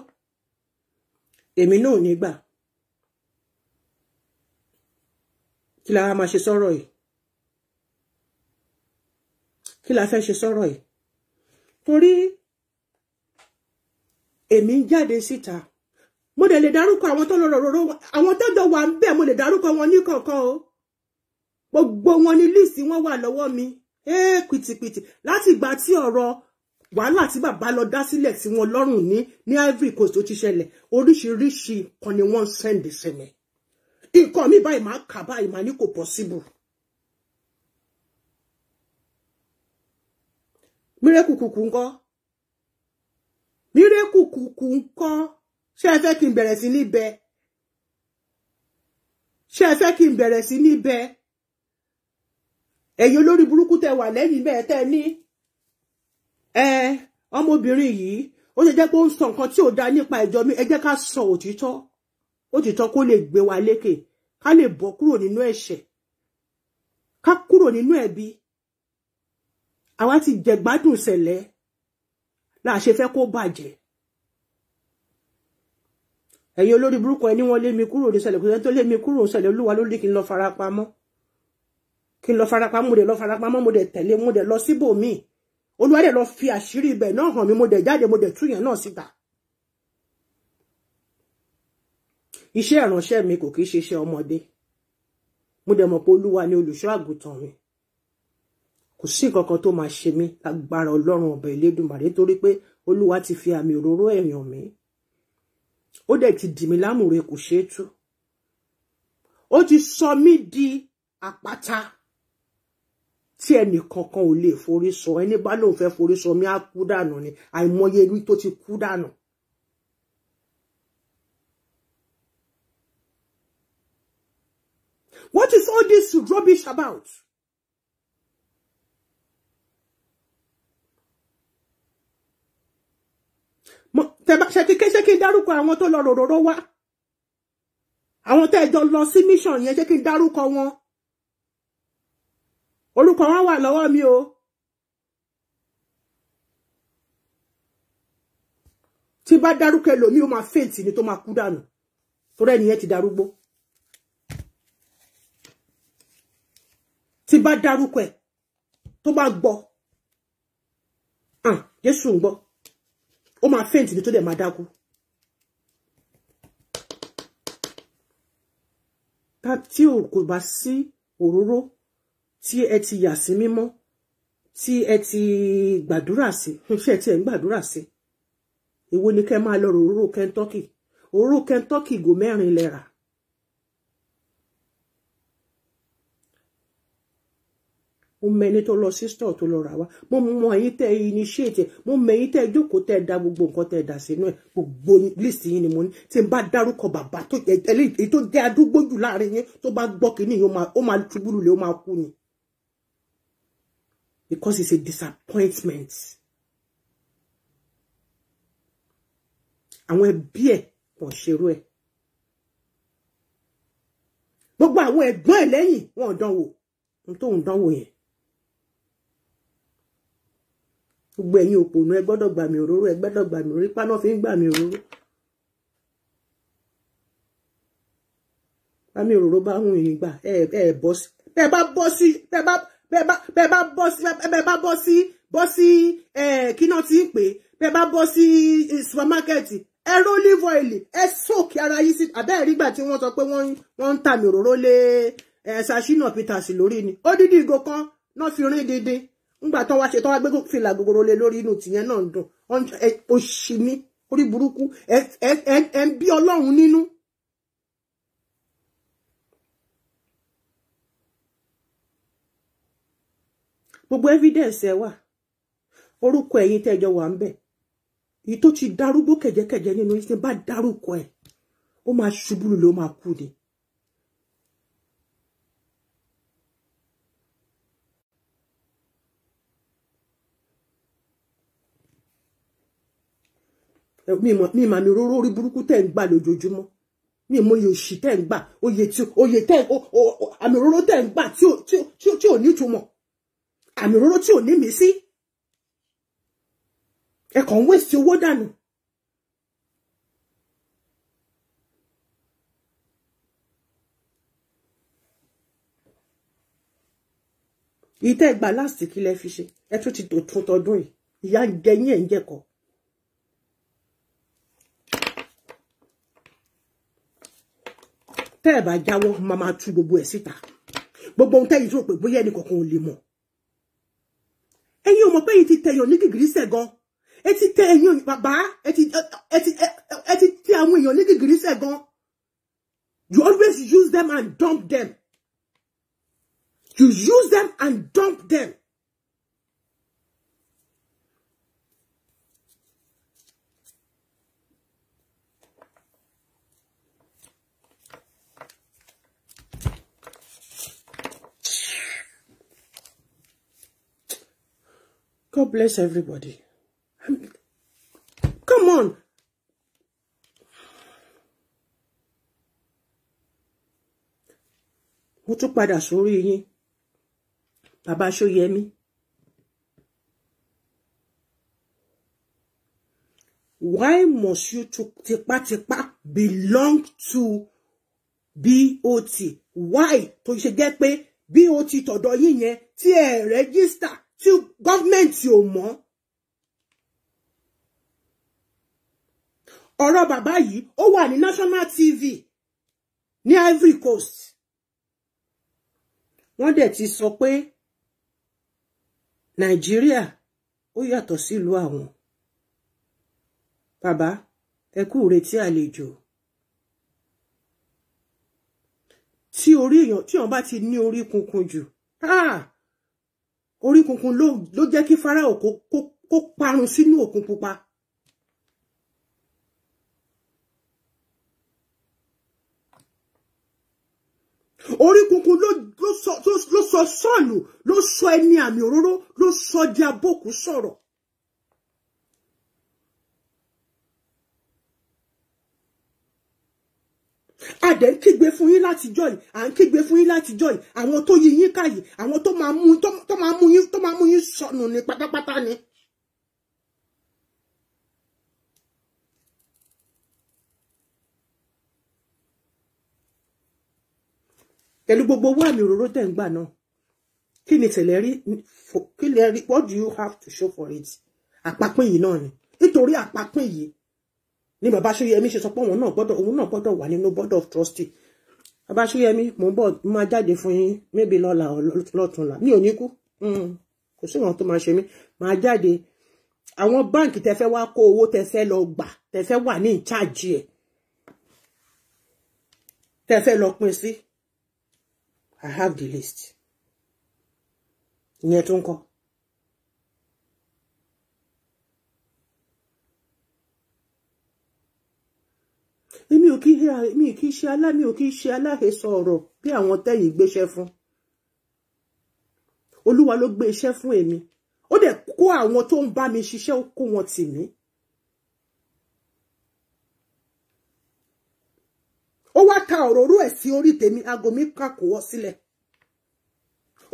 èmi náà ò ní gbà. kí la máa ṣe sọ̀rọ̀ yìí kí la fẹ́ ṣe sọ̀rọ̀ yìí torí èmi ń jáde síta mo dẹ̀ lè dárúkọ àwọn tó lọ́rọ̀ rọ̀rọ̀ àwọn tó jọ wà ń bẹ̀ mo lè dárúkọ wọn ní kọ̀ọ̀kan o gbogbo wọn ní líìsì wọn wà lọ́wọ́ mi ee pìtìpìtì láti ìgbà tí ọ̀rọ̀ wàhálà tí bàbá lọ dá sílẹ̀ tí wọn lọ́rùn ní ní Ivory Coast tó ti ṣẹlẹ̀ oríṣiríṣi kan ni wọ́n ń sẹ́ǹdì sí nǹkan mi báyìí máa kà báyìí máa ní possible. mírèkùkùkù ńkọ́ mírèkùkùkù ńkọ́ ṣé ẹ fẹ́ kí n bẹ̀rẹ̀ sí ní bẹ ṣé ẹ fẹ́ kí n ẹ ọmọbìnrin tí mi ó ti tọ́ kó lè gbé wa lékè ká lè bọ́ kúrò nínú ẹ̀ṣẹ̀ ká kúrò nínú ẹ̀bi àwa ti jẹ̀gbádùn ṣẹlẹ̀ láà ṣe fẹ́ kó bàjẹ́ ẹ̀yin olórí burúkú ẹni wọ́n lé mi kúrò ní ṣẹlẹ̀ kò sẹ́ni tó lé mi kúrò ní ṣẹlẹ̀ olúwa ló ní kí n lọ farapamọ́ kí n lọ farapamọ́ mo dẹ̀ lọ mo dẹ̀ tẹ̀lé mo dẹ̀ lọ síbòmíì fi àṣírí ibẹ̀ náà hàn mí mo dẹ̀ jáde mo dẹ̀ túyàn náà síta iṣẹ́ ìránṣẹ́ mi kò kí ṣe iṣẹ́ ọmọdé mo dẹ̀ mọ̀ pé olúwa ni olùṣọ́ àgùntàn mi kò sí nǹkan kan tó máa ṣe mí agbára ọlọ́run ọ̀bẹ ìlédùmarè torí pé olúwa ti fi àmì òróró ẹ̀yàn mi ó dẹ̀ ti dì mí lámùrè kò ṣeé tú ó ti sọ mí di àpáta tí ẹnì kankan ò lè forí sọ ẹni bá lóun fẹ́ forí sọ mí á kú dànù ni àìmọye rí tó ti kú dànù. No What is all this rubbish about? ṣe kí n dárúkọ àwọn tó lọ ròróró wá àwọn tẹ́ jọ lọ sí mission yẹn ṣe kí n dárúkọ wọn orúkọ wọn wà lọ́wọ́ mi o tí bá dárúkọ ẹlòmíì ó máa fèǹtì ni tó máa kú dànù torí ẹnìyẹn ti darúgbó tí bá dárúkọ ẹ̀ tó bá gbọ́ ah Jésù ń gbọ́ ó máa faint ní tó dẹ̀ máa dákú. tí o kò bá sí òróró tí ẹ ti yà sí mímọ́ tí ẹ ti gbàdúrà sí ṣe tí ẹ ń gbàdúrà sí èwo ni kẹ́ máa lọ òróró Kentucky òróró Kentucky gò mẹ́rin lẹ́ra mo mọ ẹni tó lọ sí tó lọ rà wá mo mọ ẹ̀yin tẹ́ initiate mo mọ ẹ̀yin tẹ́ jókòó tẹ́ da gbogbo nǹkan tẹ́ dà sínú ẹ gbogbo list yín ni mo ní tí n bá dárúkọ bàbá tó èyí tó jẹ́ àdúgbò jù láàrin yín tó bá gbọ́ kínní yìí ó máa túbúrú lé ó máa kú ni because it's a disappointment. àwọn ẹbí ẹ̀ wọn ṣerú ẹ̀ gbogbo àwọn ẹ̀gbọ́n ẹ̀ lẹ́yìn wọn dánwò n tóun dánwò yẹn gbogbo ẹ̀yin òpònú ẹ gbọ́dọ̀ gbà mí òróró ẹ gbọ́dọ̀ gbà mí òróró ipá náà fi ń gbà mí òróró àmì òróró bá ń rìn gbà ẹ ẹ bọ́ sí bẹ́ẹ̀ bá bọ́ sí bẹ́ẹ̀ bá bẹ́ẹ̀ bá bọ́ sí bẹ́ẹ̀ bá bọ́ sí bọ́ sí kí náà ti ń pè bẹ́ẹ̀ bá bọ́ sí supamákẹ́ẹ̀tì ẹ ró olive oil ẹ sóòkì ara yìí sí àbẹ́ẹ̀ rígbà tí wọ́n sọ pé wọ́n ń tàmì òróró lé ṣàṣínà Peters lórí ni ó dídí ìgò kan náà fi rin dídín ńgbà tán wá ṣe tán wá gbé fìlà gogoro lé lórí inú tìyẹn náà ń dùn òṣì ní orí burúkú ẹ ń bí ọlọ́run nínú. gbogbo evidence ẹ wà orúkọ ẹ̀yin tẹ́jọ wà ń bẹ èyí tó ti darúgbó kẹ̀jẹ̀kẹ̀jẹ̀ nínú yín tí bá darúkọ ẹ̀ ó máa ṣubú lulẹ̀ ó máa kú ni. mi mọ̀ mi màmí róró orí burúkú tẹ̀ ń gbà lójoojúmọ́ mi mọ̀ oyè òṣì tẹ̀ ń gbà oyè tí oyè tẹ̀ àmì òróró tẹ̀ ń gbà tí ò ní ìtumọ̀ àmì òróró tí ò ní mí sí ẹ kàn ń wéṣì owó dànù. ìtẹ́ gbà láti kí lẹ fi ṣe ẹ tún ti tò tún tọdún yìí ìyá ń jẹ yín ẹ̀ ń jẹ̀kọ̀ọ́. tẹ́ ẹ̀ bá jáwọ́ máa máa tú gbogbo ẹ̀ síta gbogbo ohun tẹ́yìn tó pè bóyá ẹnì kankan ò lè mọ̀ ẹ̀yin ò mọ̀ pé èyí ti tẹ̀yàn ní gìgìrí sẹ̀ gan ẹ ti tẹ ẹ̀yin bàbá ẹ ti tẹ àwọn èèyàn ní gìgìrí sẹ̀ you always use them and dump them you use them and dump them. God bless everybody. Come on. Mo tún padà sórí yín. Bàbá Ṣóyẹmí. Why must you tipátipá belong to BOT? Why? to ṣe jẹ́ pé BOT tọ̀dọ̀ yín yẹn tí ẹ rẹ́gísítà tí gọ́ọ̀mẹ̀ntì ò mọ̀ ọ̀rọ̀ bàbá yìí ó wà ní national tv ní Ivory Coast wọ́n dẹ̀ ti sọ pé nàìjíríà ó yàtọ̀ sílùú àwọn bàbá ẹ kú retí àlejò tí orí èèyàn tí wọ́n bá ti ní orí kunkun jù. Ah! orí kunkun ló jẹ́ kí Fáráò kó parun sínú òkun pupa. orí kunkun ló sọ sọ́ọ̀lù ló sọ ẹni àmì òróró ló sọ di abókù sọ̀rọ̀. a dẹ̀ ń kígbe fún yín látijọ́ yìí à ń kígbe fún yín látijọ́ yìí àwọn tó yí yín káyìí àwọn tó máa mú tó máa mú yín tó máa mú yín sọnù ní pátápátá ni. pẹ̀lú gbogbo owó àmì òróró tẹ̀ ń gbà náà kí ni tẹ̀lẹ́ rí kí lè rí what do you have to show for it àpapín yìí náà ni nítorí àpapín yìí ní bàbá Ṣóyẹmí ṣe sọ pé òun náà gbọ́dọ̀ òun náà gbọ́dọ̀ wà nínú board of trustee bàbá Ṣóyẹmí mò ń bọ̀ máa jáde fún yín mébì lọ́la lọ́túnla mi ò ní kú hmm, kò sí wọn tó máa ṣe mí máa jáde àwọn báǹkì tẹ fẹ́ wá kó owó tẹ fẹ́ lọ gbà tẹ fẹ́ wà ní ìcháàjì ẹ̀ tẹ fẹ́ lọ pín sí I have the list ìyẹn tó ń kọ́. ò kí mi kì í ṣe alá mi ò kí í ṣe aláhesọ ọ̀rọ̀ bí àwọn tẹ́yìn gbéṣẹ́ fún olúwa ló gbé iṣẹ́ fún èmi ó dẹ̀ kó àwọn tó ń bá mi ṣiṣẹ́ ó kó wọn tì mí ó wá ta òróró ẹ̀ sí orí tèmi aago mi kàkówọ́ sílẹ̀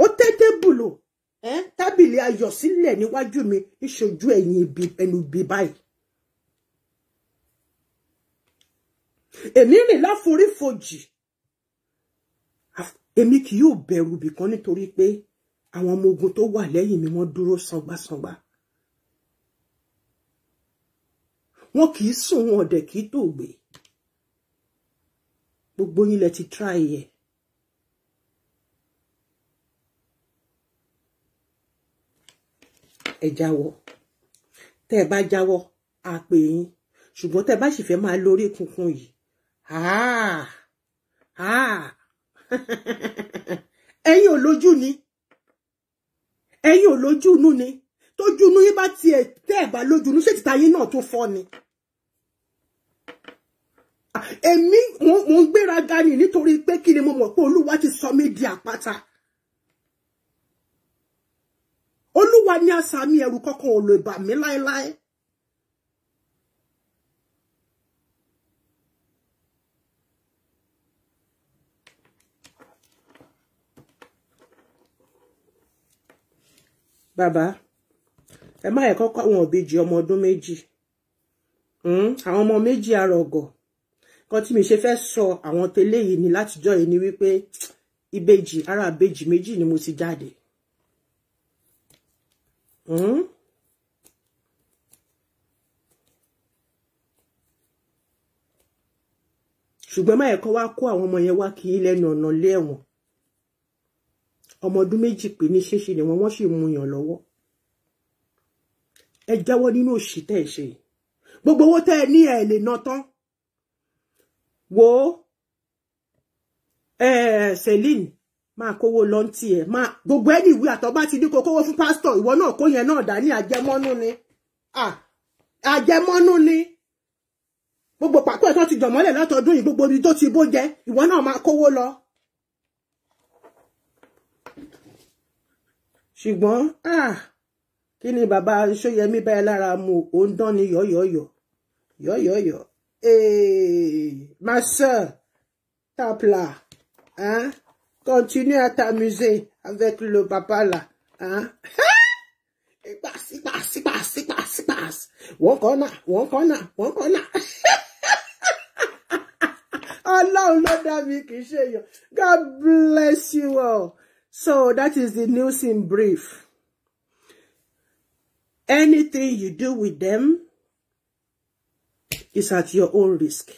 ó tẹ́ tébùlù tábìlì ayọ̀ sílẹ̀ níwájú mi ìṣojú ẹ̀yìn ẹnu ibi báyìí èmi rìn láforífojì èmi kì yóò bẹ̀rù bìkan nítorí pé àwọn ọmọ ogun tó wà lẹ́yìn mi wọ́n dúró sangbasangba wọn kì í sùn wọn ọ̀dẹ̀ kì í tòògbé gbogbo yín lẹ ti try yẹ ẹ jáwọ́ tẹ́ ẹ bá jáwọ́ á pè yín ṣùgbọ́n tẹ́ ẹ bá sì fẹ́ máa lórí kunkun yìí ah ah ẹ̀yin ò lójú ni ẹ̀yin ò lójú inú ni tójú inú yín bá tiẹ̀ tẹ́ ẹ̀ bá lójú inú ṣé títa yín náà tó fọ́ ni èmi mo ń gbéraga ni nítorí pé kí ni mo mọ̀ pé olúwa ti sọ mí di àpáta olúwa ní àṣà mi ẹ̀rù kọ́kọ́ ò lè bà mí láéláé. bàbá ẹ má yẹ kọ́kọ́ àwọn òbejì ọmọ ọdún méjì hmm? àwọn ọmọ méjì arọ̀gọ̀ kan tí mi ṣe fẹ́ sọ àwọn tẹ́lẹ̀ yìí ni látijọ́ yìí ni wípé ìbejì ara ìbejì méjì ni mo ti jáde. Mm? ṣùgbọ́n máa ẹ̀kọ́ wá kó àwọn ọmọ yẹn wá kì í lẹ́nu ọ̀nà lé ẹ̀wọ̀n ọmọ ọdún méjì pé ní ṣéṣe ni wọn wọn sì mú yàn lọ́wọ́ ẹ jáwọ́ nínú òṣì tẹ ẹ ṣe gbogbo owó tẹ ẹ ní ẹ lè ná tán wo ẹ Celine máa kówó lọ ntí ẹ máa gbogbo ẹni ìwé àtọba ti ní kó kówó fún pásítọ̀ ìwọ náà kó yẹn náà dání àjẹmọ́nú ni àjẹmọ́nú ni gbogbo pàpọ̀ ẹ̀ tó ti dàn mọ́lẹ̀ látọdún yìí gbogbo ibi tó ti bó jẹ ìwọ náà máa kówó lọ Ah! ṣùgbọ́n kí la l'amour. On donne yo-yo-yo. Yo-yo-yo. eh ma soeur tape là hein? continue à t'amuser avec le papa là hein? il passe il passe il passe il passe il passe On connaît, on connaît, on connaît. Allah Allah náà ọlọ́run ló non, God bless you all. So that is the news in brief. Anything you do with them is at your own risk.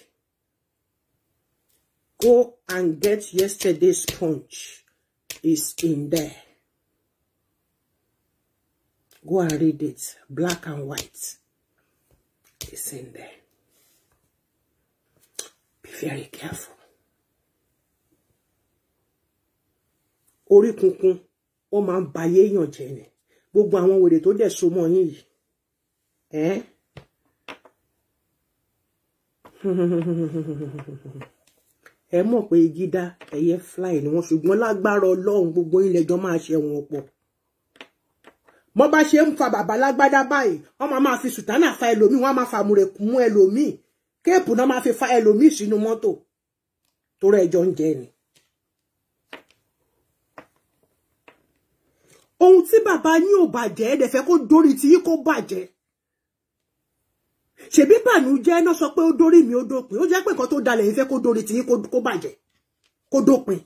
Go and get yesterday's punch. It's in there. Go and read it. Black and white. It's in there. Be very careful. orí kunkun wọ́n máa ń ba yéèyàn jẹ́ ni gbogbo àwọn wèrè tó dẹ̀ so mọ́ yín yìí ẹ́n ẹ mọ̀ pé igi dá ẹyẹ fly ni wọ́n ṣùgbọ́n lágbára ọlọ́run gbogbo yín lẹ́jọ́ máa ṣe wọn pọ̀ bọ́n bá ṣe ń fa bàbá lágbádá báyìí wọ́n máa máa fi sùtánà fa ẹlòmíì wọ́n á máa fàmùrè mú ẹlòmíì kéèpù náà máa fi fa ẹlòmíì sínú mọ́tò tó rẹ̀ ẹjọ́ ń jẹ ni. ohun tí bàbá yín ò bàjẹ́ ẹ̀ fẹ́ kó dórí tí yín kó bàjẹ́ ṣèbí bànújẹ́ náà sọ pé ó dórí mi o dópin ó jẹ́ pé nǹkan tó dalẹ̀ yín fẹ́ kó dórí tí yín kó bàjẹ́ kó dópin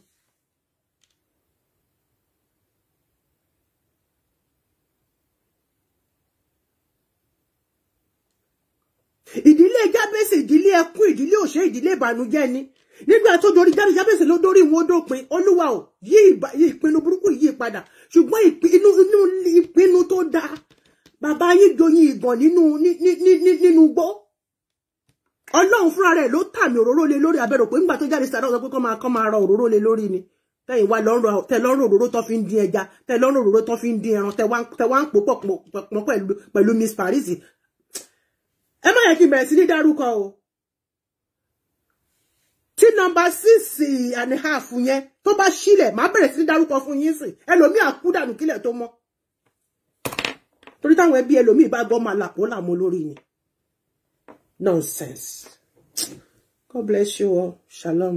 ìdílé òṣè ìdílé ìbànújẹ́ ni nígbà tó dorí jábẹsẹ ló dorí wọn dópin olúwa ò yí ìpinnu burúkú yìí padà ṣùgbọ́n inú ìpinnu tó dáa bàbá yín doyin ìgàn nínú nínú gbó ọlọ́run fúnra rẹ̀ ló tàmì òróró lé lórí abẹ́rò pé nígbà tó jáde sàrà ọ̀sán pé kọ́ máa kọ́ máa ra òróró lé lórí ni tẹ̀yìn wá tẹ̀lọ́rùn òróró tó fi ń dín ẹja tẹ̀lọ́rùn òróró tó fi ń dín ẹran tẹ̀wá ń pò pọ̀ pẹ̀lú Miss Paris ẹ má yẹ kí n bẹ̀rẹ̀ sí ní dárúkọ o tí number six and a half yẹn tó bá sílẹ̀ máa bẹ̀rẹ̀ sí dárúkọ fún yín sìn ẹlòmíì àkúdànù kílẹ̀ tó mọ́ torí táwọn ẹbí ẹlòmíì bá gbọ́ máa làpọ̀ làmú lórí ni nonsense God bless you all shalom.